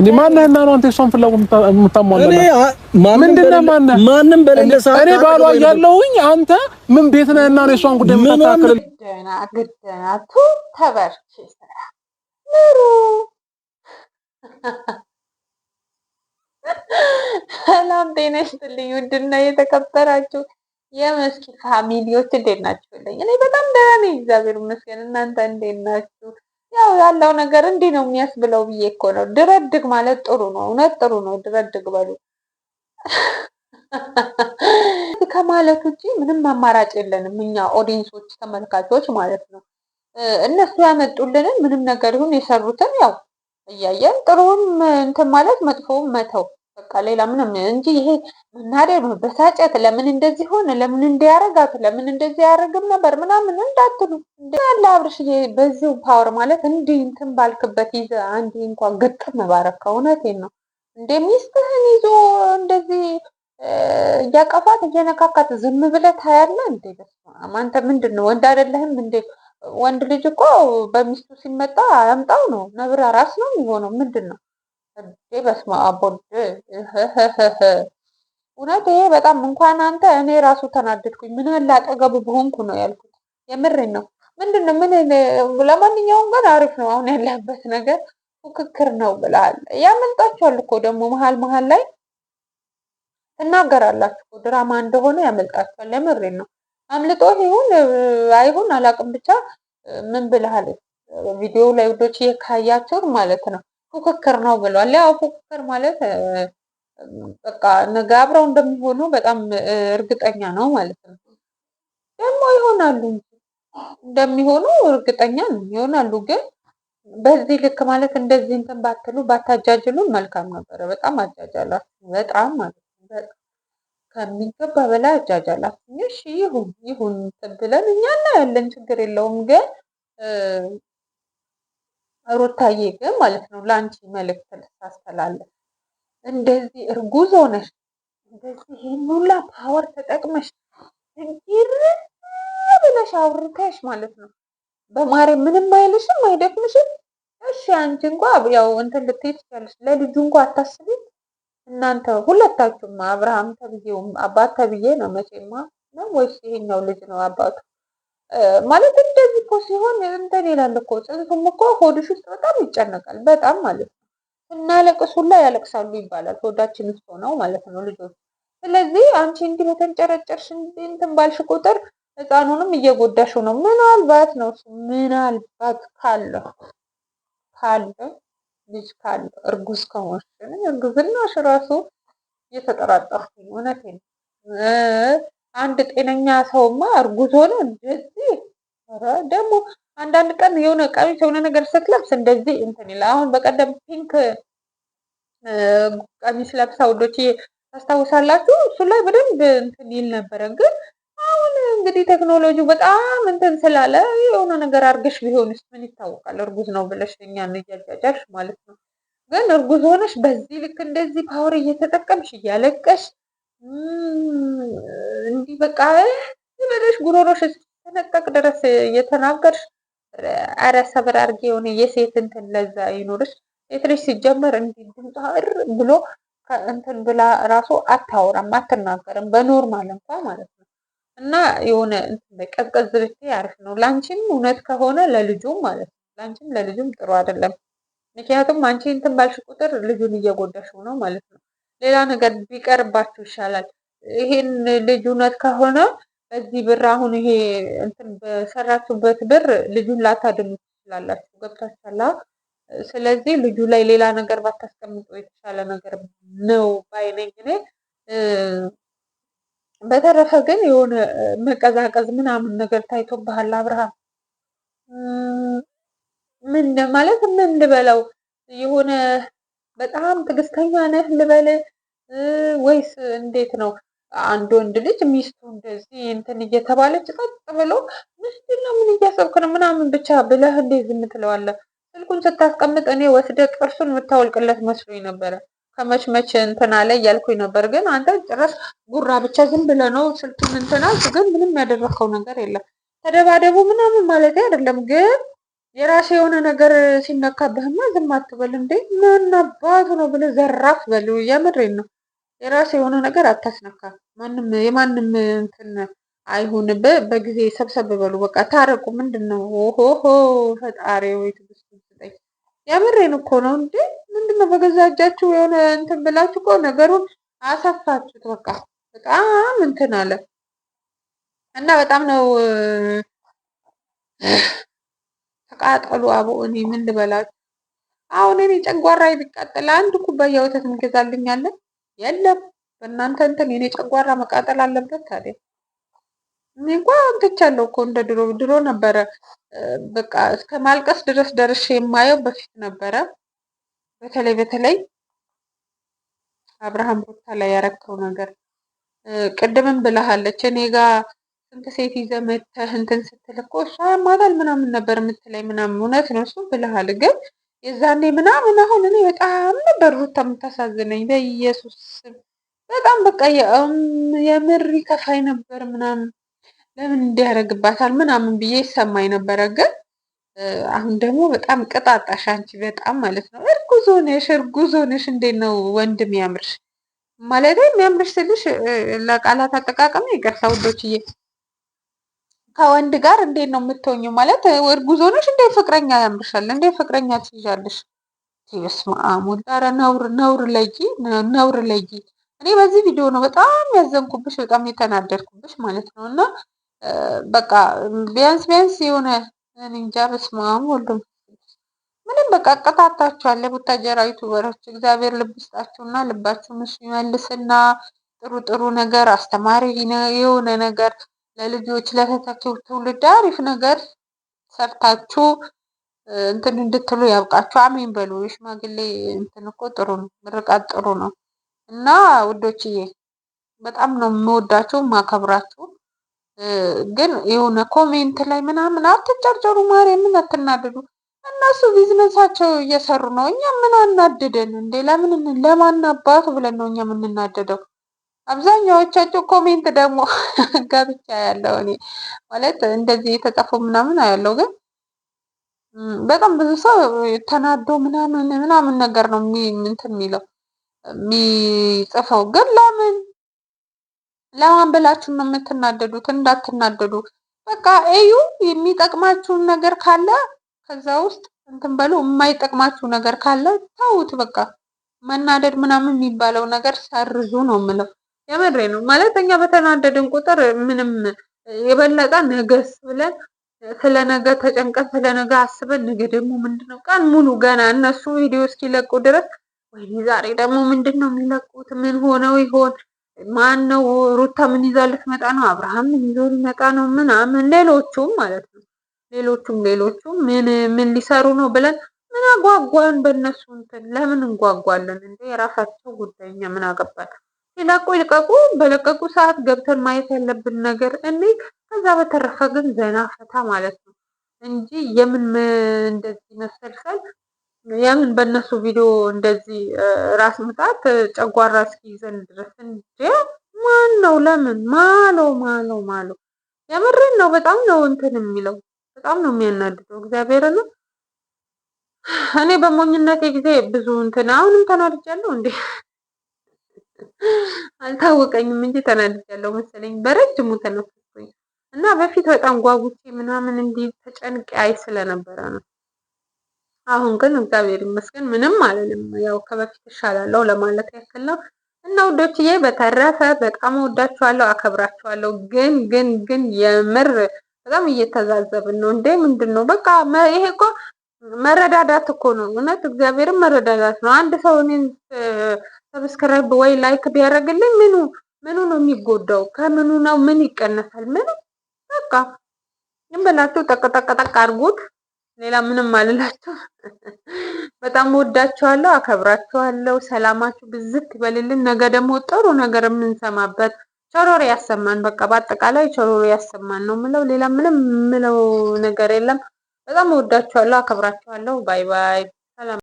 እንዴ ማነህ እና ነው አንተ እሷን ፍላጎት የምታሟላ? እኔ ምንድን ነህ? ማነህ? ማንም በሌለ እኔ ባሏ እያለሁኝ አንተ ምን ቤት ነህ እና ነው እሷን ጉዳይ የምታታክል? ግደና ግደና ቱ ሰላም ጤና ይስጥልኝ። ውድና የተከበራችሁ የመስኪ ፋሚሊዎች እንዴት ናችሁ? እኔ በጣም ደህና ነኝ፣ እግዚአብሔር ይመስገን። እናንተ እንዴት ናችሁ? ያው ያለው ነገር እንዲህ ነው የሚያስብለው ብዬ እኮ ነው። ድረድግ ማለት ጥሩ ነው፣ እውነት ጥሩ ነው። ድረድግ በሉ ከማለት ውጭ ምንም አማራጭ የለንም እኛ ኦዲየንሶች፣ ተመልካቾች ማለት ነው። እነሱ ያመጡልንን ምንም ነገር ይሁን የሰሩትን ያው እያየን ጥሩም እንትን ማለት መጥፎውም መተው በቃ ሌላ ምንም እንጂ ይሄ መናደድ፣ መበሳጨት ለምን እንደዚህ ሆነ፣ ለምን እንዲያረጋት፣ ለምን እንደዚህ ያደርግም ነበር ምናምን እንዳትሉ ያለ አብርሽ በዚሁ ፓወር ማለት እንዲህ እንትን ባልክበት ይዘ አንድ እንኳ ግጥም ባረካ። እውነቴን ነው እንደ ሚስትህን ይዞ እንደዚህ እያቀፋት እየነካካት ዝም ብለህ ታያለህ እንዴ? አንተ ምንድን ነው ወንድ አይደለህም እንዴ? ወንድ ልጅ እኮ በሚስቱ ሲመጣ አያምጣው ነው ነብራ ራስ ነው የሚሆነው። ምንድን ነው እንዴ በስመ አብ ወልድ እውነት ይሄ በጣም እንኳን አንተ እኔ ራሱ ተናደድኩኝ። ምን አለ አጠገቡ በሆንኩ ነው ያልኩት። የምሬን ነው። ምንድን ነው ምን? ለማንኛውም ግን አሪፍ ነው። አሁን ያለበት ነገር ፉክክር ነው ብለሃል። ያመልጣችኋል እኮ ደግሞ መሀል መሀል ላይ ትናገራላችሁ። ድራማ እንደሆነ ያመልጣችኋል። የምሬን ነው። አምልጦ ይሁን አይሁን አላውቅም፣ ብቻ ምን ብለሃል ቪዲዮ ላይ ውዶች ካያችሁ ማለት ነው ፉክክር ነው ብሏል። ያው ፉክክር ማለት በቃ ነገ አብረው እንደሚሆኑ በጣም እርግጠኛ ነው ማለት ነው። ደግሞ ይሆናሉ እንደሚሆኑ እርግጠኛ ነው ይሆናሉ። ግን በዚህ ልክ ማለት እንደዚህ እንትን ባትሉ ባታጃጅሉን መልካም ነበረ። በጣም አጃጃላችሁ፣ በጣም ማለት ነው ከሚገባ በላይ አጃጃላችሁ። እሺ ይሁን ይሁን ብለን እኛ እናያለን፣ ችግር የለውም ግን ሩታዬ ግን ማለት ነው ለአንቺ መልእክት ልታስተላለፍ፣ እንደዚህ እርጉዝ ሆነሽ እንደዚህ ይህን ሁላ ፓወር ተጠቅመሽ እንዲር ብለሽ አውርተሽ ማለት ነው በማሪ ምንም አይልሽም፣ አይደክምሽም። እሺ አንቺ እንኳ ያው እንትን ልትይ ትችያለሽ። ለልጁ እንኳ አታስቢ እናንተ ሁለታችሁማ። አብርሃም ተብዬውም አባት ተብዬ ነው መቼማ ነው ወይስ ይሄኛው ልጅ ነው አባቱ? ማለት እንደዚህ እኮ ሲሆን እንትን ይላል እኮ ጽንሱም እኮ ሆድሽ ውስጥ በጣም ይጨነቃል። በጣም ማለት ነው እናለቅስ ሁላ ያለቅሳሉ ይባላል። ሆዳችን ውስጥ ሆነው ማለት ነው ልጆች። ስለዚህ አንቺ እንዲህ በተንጨረጨርሽ እንትን ባልሽ ቁጥር ህፃኑንም እየጎዳሽው ነው። ምናልባት ነው እሱ ምናልባት ካለ ካለ ልጅ ካለ እርጉዝ ከሆንሽ እርግዝናሽ ራሱ እየተጠራጠርኩ እውነቴን አንድ ጤነኛ ሰውማ እርጉዝ ሆነ እንደዚህ ደግሞ አንዳንድ ቀን የሆነ ቀሚስ የሆነ ነገር ስትለብስ እንደዚህ እንትን ይላል። አሁን በቀደም ፒንክ ቀሚስ ለብሳ ወዶች ታስታውሳላችሁ? እሱ ላይ በደንብ እንትን ይል ነበረ። ግን አሁን እንግዲህ ቴክኖሎጂው በጣም እንትን ስላለ የሆነ ነገር አርገሽ ቢሆንስ ምን ይታወቃል? እርጉዝ ነው ብለሽ እኛን እያጃጃልሽ ማለት ነው። ግን እርጉዝ ሆነሽ በዚህ ልክ እንደዚህ ፓወር እየተጠቀምሽ እያለቀሽ እንዲህ በቃ በለሽ ጉሮሮሽ ተነቀቅ ድረስ እየተናገርሽ አረ ሰብር አድርጌ የሆነ የሴት እንትን ለዛ ይኖርሽ። ሴት ልጅ ሲጀመር እንዲህ ድምፅ ብሎ እንትን ብላ ራሱ አታወራም አትናገርም፣ በኖርማል እንኳ ማለት ነው። እና የሆነ ቀዝቀዝ ብትይ አሪፍ ነው ላንቺም፣ እውነት ከሆነ ለልጁም ማለት ነው። ላንቺም ለልጁም ጥሩ አይደለም። ምክንያቱም አንቺ እንትን ባልሽ ቁጥር ልጁን እየጎዳሽው ነው ማለት ነው። ሌላ ነገር ቢቀርባችሁ ይሻላል። ይሄን ልጅ እውነት ከሆነ በዚህ ብር አሁን ይሄ እንትን በሰራችሁበት ብር ልጁን ላታድኑ ትችላላችሁ። ገብታችኋል። ስለዚህ ልጁ ላይ ሌላ ነገር ባታስቀምጡ የተሻለ ነገር ነው ባይነኝ እኔ። በተረፈ ግን የሆነ መቀዛቀዝ ምናምን ነገር ታይቶብሃል አብርሃም። ምን ማለት ምን ልበለው የሆነ በጣም ትዕግስተኛ ነህ ልበል ወይስ እንዴት ነው? አንድ ወንድ ልጅ ሚስቱ እንደዚህ እንትን እየተባለች ጸጥ ብሎ ምንድን ነው ምን እያሰብክ ነው ምናምን ብቻ ብለህ እንዴት ዝም ትለዋለህ? ስልኩን ስታስቀምጥ እኔ ወስደ ጥርሱን የምታወልቅለት መስሎኝ ነበረ። ከመች መች እንትና ላይ እያልኩኝ ነበር፣ ግን አንተ ጭራሽ ጉራ ብቻ ዝም ብለህ ነው ስልኩን እንትናል። ግን ምንም ያደረግከው ነገር የለም። ተደባደቡ ምናምን ማለት አይደለም ግን የራሴ የሆነ ነገር ሲነካብህማ ዝም አትበል እንዴ! ማን አባቱ ነው ብለህ ዘራፍ በል። የምሬን ነው። የራሴ የሆነ ነገር አታስነካ። ማንም የማንም እንትን አይሁን በጊዜ ሰብሰብ በሉ። በቃ ታረቁ። ምንድን ነው? ኦሆሆ ፈጣሪ ወይ ትዕግስት ስጠኝ። የምሬን እኮ ነው እንዴ! ምንድን ነው? በገዛ እጃችሁ የሆነ እንትን ብላችሁ እኮ ነገሩን አሰፋችሁት። በቃ በጣም እንትን አለ እና በጣም ነው አቃጠሉ። አቦ እኔ ምን ልበላችሁ? አሁን እኔ ጨንጓራ ቢቃጠል አንድ ኩባያ ወተት እንገዛልኛለን? የለም በእናንተ እንትን የኔ ጨጓራ መቃጠል አለበት ታዲያ? እኔ እንኳ እኮ እንደ ድሮ ድሮ ነበረ። በቃ እስከ ማልቀስ ድረስ ደርሼ የማየው በፊት ነበረ። በተለይ በተለይ አብርሃም ቦታ ላይ ያረከው ነገር ቅድምም ብለሃለች እኔ ጋር ስንት ሴት ይዘህ መተህ እንትን ስትል እኮ እሷ ያማታል ምናምን ነበር የምትለኝ ምናምን። እውነት ነው እሱ ብለሃል። ግን የዛኔ ምናምን አሁን እኔ በጣም ነበር ሩታ የምታሳዝነኝ። በኢየሱስ በጣም በቃ የምር ከፋይ ነበር ምናምን ለምን እንዲያደርግባታል ምናምን ብዬ ይሰማኝ ነበረ። ግን አሁን ደግሞ በጣም ቅጣጣሽ አንቺ በጣም ማለት ነው። እርጉዞ ነሽ፣ እርጉዞ ነሽ። እንዴት ነው ወንድ ያምርሽ ማለት የሚያምርሽ ስልሽ ለቃላት አጠቃቀም ይቅርታ ውዶችዬ ከወንድ ጋር እንዴት ነው የምትሆኙ? ማለት እርጉዝ ሆነሽ እንዴ ፍቅረኛ ያምርሻል? እንዴ ፍቅረኛ ትይዣለሽ? በስመ አብ ወልድ። ኧረ ነውር ነውር ለይ ነውር ለይ። እኔ በዚህ ቪዲዮ ነው በጣም ያዘንኩብሽ፣ በጣም የተናደድኩብሽ ማለት ነው። እና በቃ ቢያንስ ቢያንስ የሆነ እንጃ በስመ አብ ወልድ ምንም በቃ አቀጣጣችኋል። ቡታጀራ ዩቱበሮች እግዚአብሔር ልብ ይስጣችሁና ልባችሁን እሱ ይመልስና ጥሩ ጥሩ ነገር አስተማሪ የሆነ ነገር ለልጆች ለተተኪው ትውልድ አሪፍ ነገር ሰርታችሁ እንትን እንድትሉ ያብቃችሁ። አሚን በሉ። የሽማግሌ እንትን እኮ ጥሩ ነው፣ ምርቃት ጥሩ ነው እና ውዶችዬ በጣም ነው የምወዳችሁ ማከብራችሁ። ግን የሆነ ኮሜንት ላይ ምናምን አትጨርጨሩ፣ ማርያምን አትናደዱ። እነሱ ቢዝነሳቸው እየሰሩ ነው። እኛ ምን አናደደን እንዴ? ለምን ለማናባት ብለን ነው እኛ የምንናደደው? አብዛኛዎቻቸው ኮሜንት ደግሞ ጋብቻ ያለው እኔ ማለት እንደዚህ የተጻፈው ምናምን አያለው ግን በጣም ብዙ ሰው ተናዶ ምናምን ምናምን ነገር ነው እንትን የሚለው የሚጽፈው። ግን ለምን ለማን ብላችሁ ነው የምትናደዱት? እንዳትናደዱ በቃ እዩ። የሚጠቅማችሁን ነገር ካለ ከዛ ውስጥ እንትን በሉ። የማይጠቅማችሁ ነገር ካለ ተውት። በቃ መናደድ ምናምን የሚባለው ነገር ሰርዙ ነው የምለው። የመድሬ ነው ማለት እኛ በተናደድን ቁጥር ምንም የበለጠ ነገስ ብለን ስለ ነገ ተጨንቀን ስለ ነገ አስበን ነገ ደግሞ ምንድነው ቀን ሙሉ ገና እነሱ ቪዲዮ እስኪለቁ ድረስ ወይኔ ዛሬ ደግሞ ምንድን ነው የሚለቁት? ምን ሆነው ይሆን? ማን ነው ሩታ ምን ይዛ ልትመጣ ነው? አብርሃም ምን ይዞ ሊመጣ ነው? ምናምን ሌሎቹም ማለት ነው ሌሎቹም ሌሎቹም ምን ምን ሊሰሩ ነው ብለን ምን አጓጓን በእነሱ እንትን ለምን እንጓጓለን? እንደ የራሳቸው ጉዳይ እኛ ምን አገባል? ሲለቁ ይልቀቁ። በለቀቁ ሰዓት ገብተን ማየት ያለብን ነገር እኔ ከዛ በተረፈ ግን ዘና ፈታ ማለት ነው እንጂ የምን እንደዚህ መሰልሰል የምን በእነሱ ቪዲዮ እንደዚህ ራስ ምታት ጨጓራ እስኪይዘን ድረስ እንጂ ማን ነው ለምን ማለው ማለው ማለው የምርን ነው። በጣም ነው እንትን የሚለው በጣም ነው የሚያናድደው። እግዚአብሔር ነው። እኔ በሞኝነቴ ጊዜ ብዙ እንትን አሁንም ተናድጃለሁ እንዴ አልታወቀኝም እንጂ ተናድጃለሁ መሰለኝ። በረጅሙ ተነፈስኩኝ እና በፊት በጣም ጓጉቼ ምናምን እንዲህ ተጨንቄ አይ ስለነበረ ነው። አሁን ግን እግዚአብሔር ይመስገን ምንም አልልም። ያው ከበፊት እሻላለሁ ለማለት ያክል ነው። እና ውዶችዬ በተረፈ በጣም እወዳችኋለሁ፣ አከብራችኋለሁ። ግን ግን ግን የምር በጣም እየተዛዘብን ነው እንዴ! ምንድን ነው በቃ ይሄ እኮ መረዳዳት እኮ ነው። እውነት እግዚአብሔርም መረዳዳት ነው። አንድ ሰው እኔን ሰብስክራይብ ወይ ላይክ ቢያደርግልኝ ምኑ ምኑ ነው የሚጎዳው? ከምኑ ነው ምን ይቀነሳል? ምን በቃ ዝም ብላችሁ ጠቅጠቅጠቅ አድርጉት። ሌላ ምንም አልላችሁ። በጣም ወዳችኋለሁ፣ አከብራችኋለሁ። ሰላማችሁ ብዝት ይበልልን። ነገ ደግሞ ጥሩ ነገር የምንሰማበት ቸሮሮ ያሰማን። በቃ በአጠቃላይ ቸሮሮ ያሰማን ነው ምለው። ሌላ ምንም ምለው ነገር የለም። በጣም ወዳችኋለሁ፣ አከብራችኋለሁ። ባይ ባይ። ሰላም